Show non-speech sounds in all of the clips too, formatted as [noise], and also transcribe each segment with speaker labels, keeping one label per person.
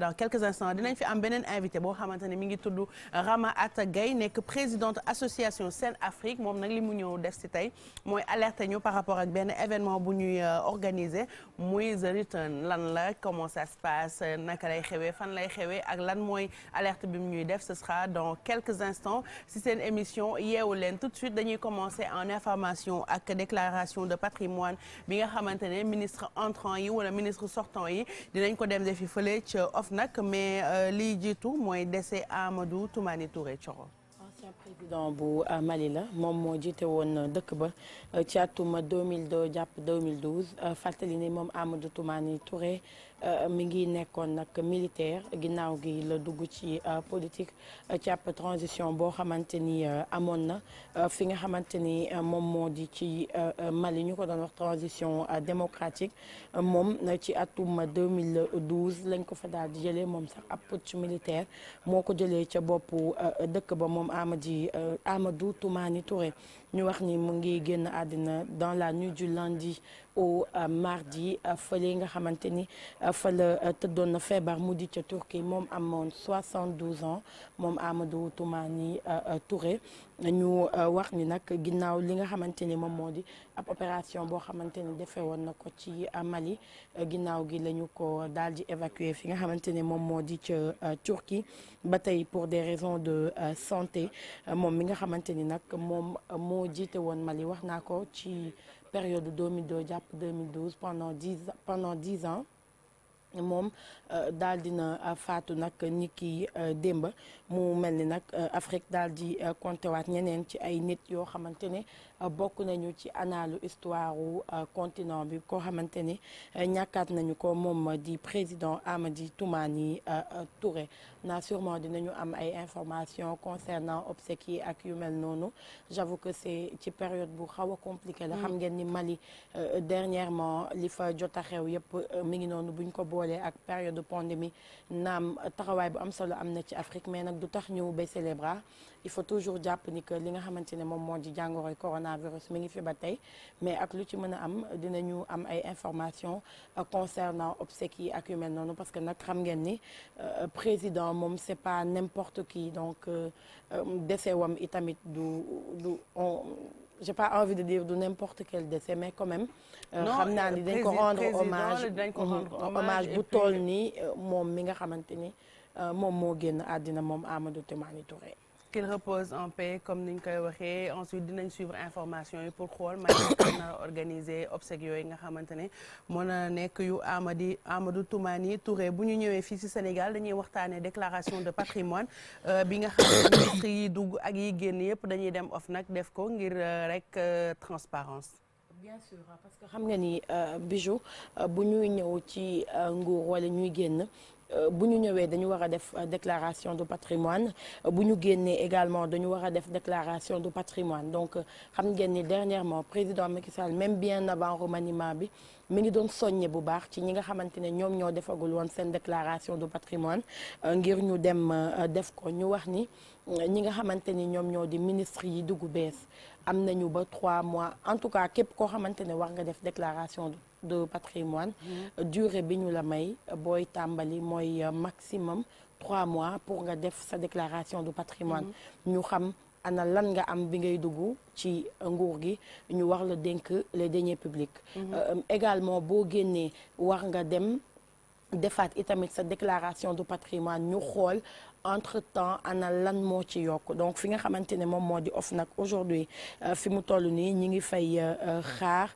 Speaker 1: dans quelques instants dinañ fi am beneen invité boo xamante ne mi ngi tudd Rama Atta Gueye nekk présidente association Sen Afrique moom nag li mu ñëw def si tey mooy alerter ñu par rapport ak benn événement bu ñuy euh, organiser muy the lan la comment ça se passe naka xewee fan lay xewee ak lan mooy alerte bi mu ñuy def ce sera dans quelques instants seen émission yeewu leen tout de suite dañuy commencer en information ak déclaration de patrimoine bi nga xamante ne ministre entrant yi wala ministre sortant yi dinañ ko dem defi fële ca OFNAC mais euh, liy jiitu mooy décès Amadou Toumani Touré Thioro ancien
Speaker 2: président bu euh, Mali la moom moo jiite woon euh, dëkk ba ci atuma 2002 jàpp 2012 fàttali ni moom Amadou Toumani Touré Euh, mi ngi nekkoon nag militaire ginnaaw gi la dugg ci euh, politique euh, ci ab transition boo xamante ni amoon na fi nga xamante ni moom moo di ci Mali ñu ko doon wax transition démocratique moom ci atum 2012 lañ ko fa daal di jëlee moom sax ab putsch militaire moo ko jëlee ca boppu dëkk ba moom ama Amady Amadou Toumani Touré. ñu wax ni mu ngi génn àddina dans la nuit du lundi au euh, mardi euh, fële nga xamante ni euh, fa la tëddoon feebar mu di ca Turquie moom amoon 72 ans moom Amadou Toumani Touré ñu euh, wax ni nag ginnaaw li nga xamante ni moom moo di ab opération boo xamante ni defee woon na ko ci euh, Mali euh, ginnaaw gi la ko daal di évacuer fi nga xamante ni moom moo di ca Turquie ba tey pour des raisons de santé moom mi nga xamante ni nag moom moo jiite woon Mali wax naa ko ci période 2002 jàpp 2012 pendant dix pendant dix ans. moom euh, daal na euh, faatu nag nit ki euh, démba mu mel ni nag Afrique daal di compter waat ñeneen ci ay nit yoo xamante ne Euh, bokk nañu ci analu histoire wu euh, continent bi koo xamante ni euh, ñàkkaat nañu ko moom di président Amady Toumani naa surement dina ñu am ay informations concernant obsèques yi ak yu mel noonu j'avoue que ci période bu xaw a compliqué la mm. xam ngeen ni Mali dernièrement li fa jot a xew yëpp mi ngi noonu buñ ko boolee ak période de pandémie naam taxawaay bu am solo am na ci Afrique mais nag du tax ñu baisser les bras il faut toujours jàpp ni que li nga xamante ne moom moo di jàngoroy corona coronavirus mi ngi fi ba tey mais ak lu ci mën a am dinañu am ay information euh, concernant obsèques yi ak yu mel noonu parce que nag xam ngeen ni euh, président moom c'est pas n'importe qui donc euh, décès wam itamit du du on j'ai pas envie de dire du n'importe quel décès mais quand même. xam naa ni dañ ko rendre hommage dañ ko mm-hmm, rendre hommage bu tool nii moom mi nga xamante ni moom moo génn àddina moom Amadou Toumani
Speaker 1: qu'il repose en paix comme ñu koy waxee ensuite dinañ suivre information yi pour xool [coughs] maanaam na organiser obsèques yooyu nga xamante ne mën na nekk yu amadi Amadou Toumani Touré bu ñu ñëwee fii ci Sénégal dañuy waxtaanee déclaration de patrimoine euh, bi nga xam ne ministre dugg ak yi génn yëpp dañuy dem of nag def ko ngir euh, rek euh, transparence bien sûr parce que
Speaker 2: xam nga ni bijou bu ñuy ñëw ci nguur wala ñuy génn Euh, bu ñu ñëwee dañu war a def euh, déclaration de patrimoine euh, bu ñu génnee également dañu war a def déclaration de patrimoine donc xam ngeen ni dernièrement président Macky même bien avant remaniement bi mi ngi doon soññe bu baax ci ñi nga xamante ne ñoom ñoo defagul woon seen déclaration de patrimoine ngir ñu dem def ko ñu wax ni ñi nga xamante ni ñoom ñoo di ministre yi dugg bees am nañu ba trois mois en tout cas képp koo xamante ne wax nga def déclaration de patrimoine mm-hmm. durée bi ñu la may booy tàmbali mooy euh, maximum trois mois pour nga def sa déclaration de patrimoine mm-hmm. ñu xam ana lan nga am bi ngay dugg ci euh, nguur gi ñu war la dénk les deniers publique mm-hmm. euh, également boo génnee war nga dem defaat itamit sa déclaration de patrimoine ñu xool entre temps ana lan moo ci yokk donc fi nga xamante ne moom moo di OFNAC aujourd'hui euh, fi mu toll nii ñi ngi fay euh, euh, xaar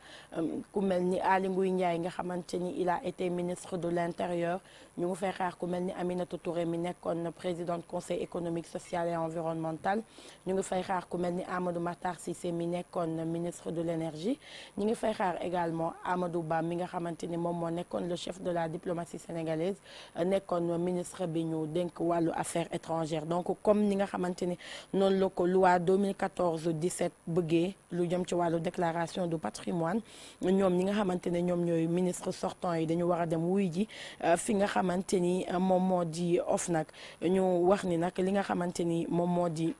Speaker 2: ku mel ni Aly Ngouille Ndiaye nga xamante ni il a ministre de l'intérieur ñu ngi fay xaar ku mel ni Aminata Touré mi nekkoon présidente conseil économique social et environnemental ñu ngi fay xaar ku mel ni Amadou Matar Cissé mi nekkoon ministre de l'énergie ñu ngi fay xaar également Amadou Ba mi nga xamante ni moom moo nekkoon le chef de la diplomatie sénégalaise nekkoon ministre bi ñu dénk wàllu affaires étrangères donc comme ni nga xamante ni noonu la ko loi 2014 17 bëggee lu jëm ci wàllu déclaration du patrimoine ñoom ñi nga xamante ne ñoom ñooy ministre sortant yi dañu war a dem wuy ji euh, fi nga xamante ni euh, moom moo di OFNAC ñu wax ni nag li nga xamante ni moom moo di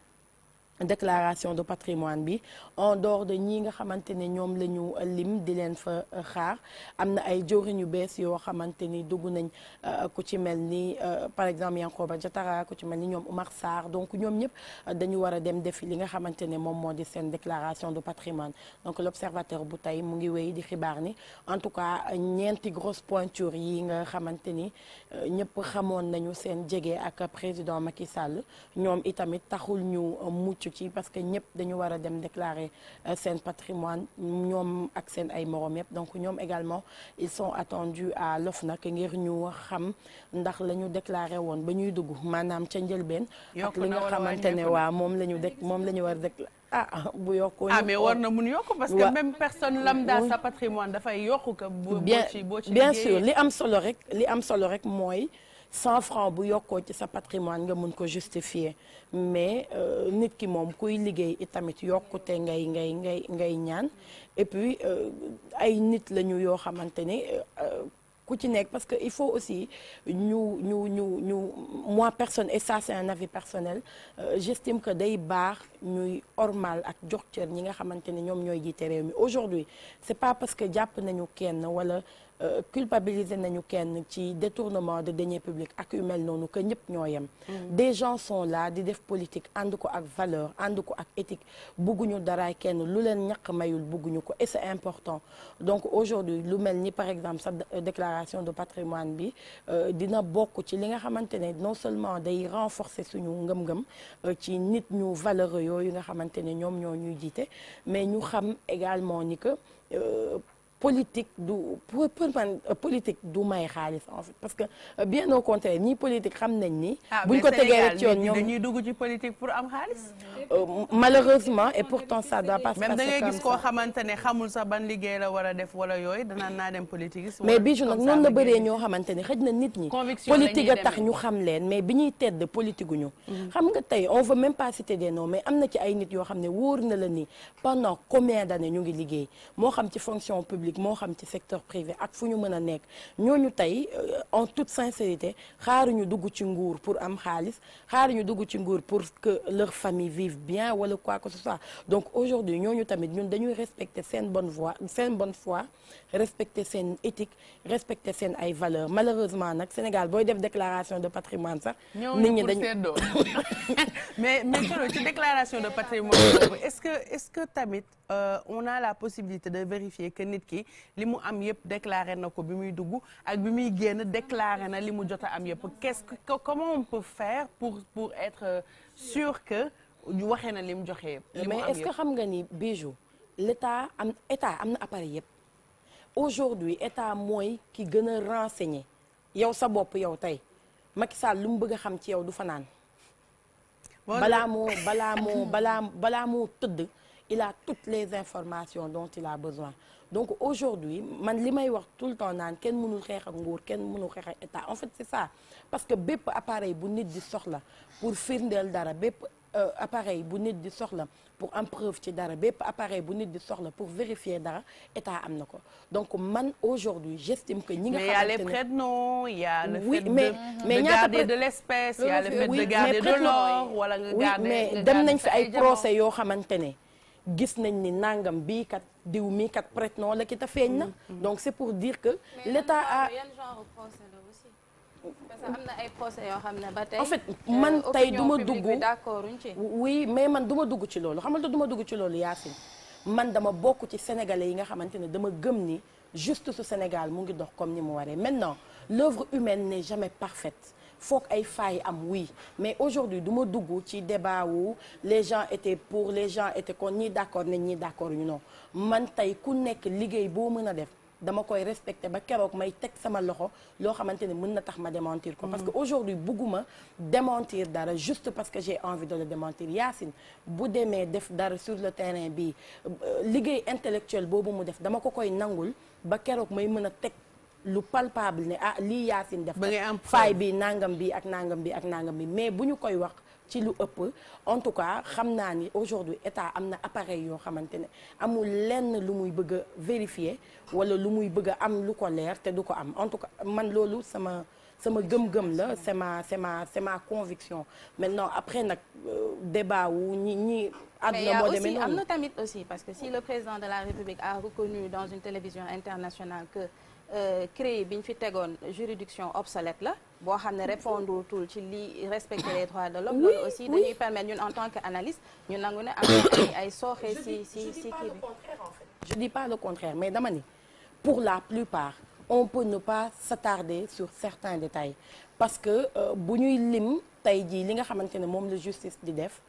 Speaker 2: déclaration de patrimoine bi en dehors de ñii nga xamante ne ñoom la ñu lim di leen fa euh, xaar am na ay jëwriñ yu bees yoo xamante ni dugg nañ euh, ku ci mel ni euh, par exemple Yankoba Diatara ku ci mel ni ñoom Oumar Sarr donc ñoom ñëpp dañu war a dem defi li nga xamante ne moom moo di seen déclaration de patrimoine donc l'observateur bu tey mu ngi wéy di xibaar ni en tout cas ñeenti grosse pointure yi nga xamante ni ñëpp xamoon nañu seen jege ak président Macky Sall ñoom itamit rëccu parce que ñëpp dañu war a dem déclarer euh, seen patrimoine ñoom ak seen ay morom yëpp donc ñoom également ils sont attendus à l'OFNAC ngir ñu xam ndax la ñu déclaré woon ba ñuy dugg maanaam ca njëlbeen ak li nga xamante ne waa moom la ñu dek moom la ñu war de déclaré ah, ah bu yokkoo ah mais war parce que même personne lambda sa
Speaker 1: patrimoine dafay yokk boo ci boo ci bien sûr li am
Speaker 2: solo rek li am solo rek mooy. 100 francs bu yokkoo ci sa patrimoine nga mun ko justifier mais euh, nit ki moom kuy liggéey itamit yokkute ngay ngay ngay ngay ñaan et puis euh, ay nit lañu yoo xamante ni euh, ku ci nekk parce que il faut aussi ñu ñu ñu ñu moi personne et ça c'est un avis personnel j'estime que day baax ñuy ormal ak jox cër ñi nga xamante ne ñoom ñooy jiite réew mi aujourd'hui c'est pas parce que jàpp nañu kenn wala Euh, culpabiliser nañu kenn ci détournement de denier publics ak yu mel noonu que ñëpp ñoo yem. Mm-hmm. des gens son là di def politique ànd ko ak valeur ànd ko ak éthique bugguñu daraay kenn lu leen ñàkk mayul bugguñu ko et c'est important donc aujourd'hui lu mel ni par exemple sa déclaration de patrimoine bi euh, dina bokk ci li nga xamante ne non seulement day renforcer suñu ngëm-ngëm euh, ci nit ñu valeureux yooyu nga xamante ne ñoom ñoo ñuy jiite mais ñu xam également ni politique du pour euh, du may xaalis en parce que euh, bien au contraire ñii politique xam nañ ni. Ah, buñ ko tegee rek ci yoon
Speaker 1: ci politique pour am xaalis. Euh, malheureusement
Speaker 2: et pourtant ça doit pas se passer comme ça même gis koo
Speaker 1: xamante xamul sax ban liggéey la war a def wala yooyu danaan naa dem politique. mais bi ju nag noonu la bëree ñoo
Speaker 2: xamante ne xëj na nit ñi. politique a tax ñu xam leen mais bi ñuy tedd politique ñu. Mm-hmm. xam nga tey on veut même pas citer des mais am na ci ay nit yoo xam ne wóor na la ni pendant ngi liggéey moo xam ci fonction publique. moo xam ci secteur privé ak fu ñu mën a nekk ñooñu tey euh, en toute sincérité ñu dugg ci nguur pour am xaalis xaaruñu dugg ci nguur pour que leur famille vive bien wala quoi que ce soit donc aujourd'hui ñooñu tamit ñun dañuy respecter seen bonne voie seen bonne foi respecter seen éthique respecter seen ay valeurs malheureusement nag Sénégal booy def déclaration
Speaker 1: de patrimoine sax nit ñi dañu [laughs] mais mais Thioro ci déclaration de patrimoine est-ce que est-ce que tamit euh, on a la possibilité de vérifier que nit ki li mu am yëpp déclaré na ko bi muy dugg ak bi muy génn déclaré na li mu jot a am yëpp qu'est-ce que comment on peut faire pour pour être euh, sûr que ñu waxee na li mu joxe yëpp. mais est-ce que xam nga ni Bijou l'État am État am na appareil yëpp.
Speaker 2: aujourd'hui état mooy ki gën a renseigné yow sa bopp yow tey Macky Sall lu mu bëgg a xam ci yow du fanaan balaa moo balaa moo tëdd il a toutes les informations dont il a besoin donc aujourd'hui man li may wax tout le temps naan kenn mënul xeex ak nguur kenn mënul xeex ak état en fait c'est ça parce que bépp appareil bu nit di soxla pour firndeel dara bépp euh, appareil bu nit di soxla pour am ci dara bépp appareil bu nit di soxla pour vérifier dara état am na ko donc man aujourd'hui j'estime que ñi nga xamante ne mais y a les
Speaker 1: prête-noms y a le a le fait wala nga garder mais dem nañ fi ay procès
Speaker 2: yoo xamante ne gis nañ ni nangam bii kat diw mii kat prête non la ki ta na mm-hmm. donc c'est pour dire que l'état a parce que am na ay procès yoo xam ne ba tey en euh, man tey du ma dugg oui mais man du ma dugg ci loolu xamal te du ma dugg ci loolu Yacine man dama bokk ci sénégalais yi nga xamante ne dama gëm ni juste su Sénégal mu ngi dox comme ni mu waree maintenant l'œuvre humaine n'est jamais parfaite foog ay failles am oui mais aujourd'hui du ma dugg ci débat wu les gens étaient pour les gens étaient kon ñii d'accord nañ ñii d'accord ñu non man tey ku nekk liggéey boo mën a def dama koy respecté ba keroog may teg sama loxo loo xamante ne mën na tax ma démentir ko parce que mm. aujourd'hui bugguma démentir dara juste parce que j'ai envie de le démentir Yacine bu demee def dara sur le terrain bi euh, liggéey intellectuel boobu mu def dama ko koy nangul ba keroog may mën a teg lu palpable ne ah lii Yacine def faay bi nangam bi ak nangam bi ak nangam bi mais bu ñu koy wax ci lu ëpp en tout cas xam naa ni aujourd'hui état am na appareil yoo xamante ne amul lenn lu muy bëgg a vérifier wala lu muy bëgg a am lu ko leer te du ko am en tout cas man loolu sama sama gëm-gëm la c'est ma c'est ma c'est ma conviction maintenant après nag euh, débat wu ñi ñi àdduna moo demee noonu am na tamit aussi parce que si le président de la République a reconnu dans une télévision internationale que euh, CREI bi ñu fi tegoon juridiction obsolète la boo xam ne répondre tul ci li respecter les droits de l'homme loolu aussi dañuy permettre ñun en tant qu'analyste ñu nangu ne am na ay [coughs] sooxee si si si kii bi je dis pas le contraire mais dama ni pour la plupart on peut ne pas s'attarder su certains détails parce que euh, bu ñuy lim tey jii li nga xamante ne moom la justice di def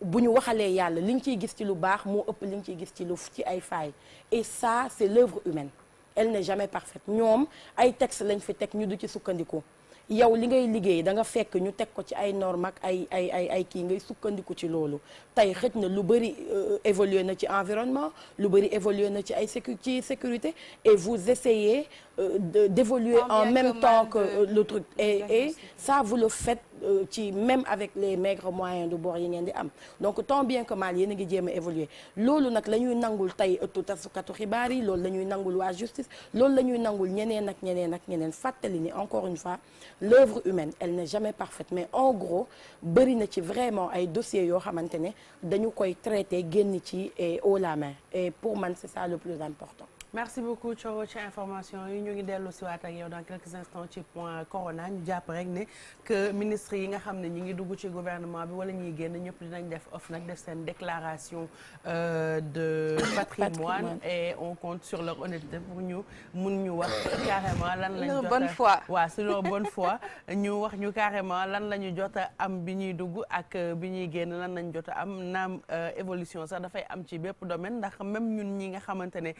Speaker 2: bu ñu waxalee yàlla li ñu ciy gis ci lu baax moo ëpp li ñu ciy gis ci lu ci ay failles et ça c'est l'œuvre humaine elle n'est jamais parfaite ñoom ay textes lañ fi teg ñu du ci sukkandiku yow li ngay liggéey da nga fekk ñu teg ko ci ay normes ay ay ay ay kii ngay sukkandiku ci loolu tey xëj na lu bëri euh, évolué na ci environnement lu bëri évolué na ci ay sécu ci sécurité et vous essayez euh, d'évoluer en même temps que euh, le truc et et ça vous le faites Euh, ci même avec les maigres moyens du bord yi ngeen di am donc tant bien que mal yéen a ngi jéem évoluer loolu nag la ñuy nangul tey ëttu tasukatu xibaar yi loolu la ñuy nangul waa justice loolu la ñuy nangul ñeneen ak ñeneen ak ñeneen fàttali ni encore une fois l'œuvre humaine elle n'est jamais parfaite mais en gros bëri na ci vraiment ay dossiers yoo xamante ne dañu koy traité génn ci et la main pour man c'est ça le plus important
Speaker 1: merci beaucoup Thioro ci information yi ñu ngi dellu si waat ak yow dans quelques instants ci point corona ñu jàpp rek ne que ministre yi nga xam ne ñi ngi dugg ci gouvernement bi wala ñuy génn ñëpp dinañ def of nag def seen déclaration euh, de [coughs] patrimoine et on compte sur leur honnêteté pour ñu mun ñu wax carrément lan lañ jot bonne foi waaw sur [laughs] wax ñu carrément lan la ñu jot am bi ñuy dugg ak euh, bi ñuy génn lan lañ jot am naam euh, évolution sax dafay am ci bépp domaine ndax même ñun ñi nga xamante ne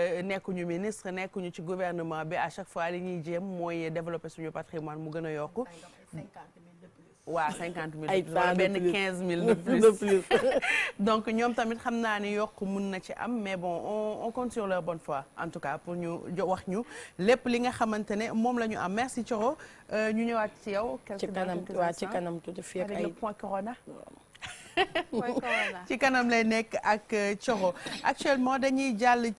Speaker 1: Euh, nekkuñu ministre nekkuñu ci gouvernement bi à chaque fois li ñuy jéem mooy développer ñu patrimoine mu gën a yokku. waaw cinquante mille de benn quinze mille de plus [laughs] donc ñoom tamit xam naa ni yokk mun na ci am mais bon on on compte sur leur bonne en tout cas pour ñu wax ñu lépp li nga xamante ne moom la ñu am merci Thioro euh, ñu ñëwaat ci yow. ci kanam waaw ci kanam tuuti fii ak ay [laughs] ci kanam lay nekk ak euh, Thioro actuellement dañuy jàll.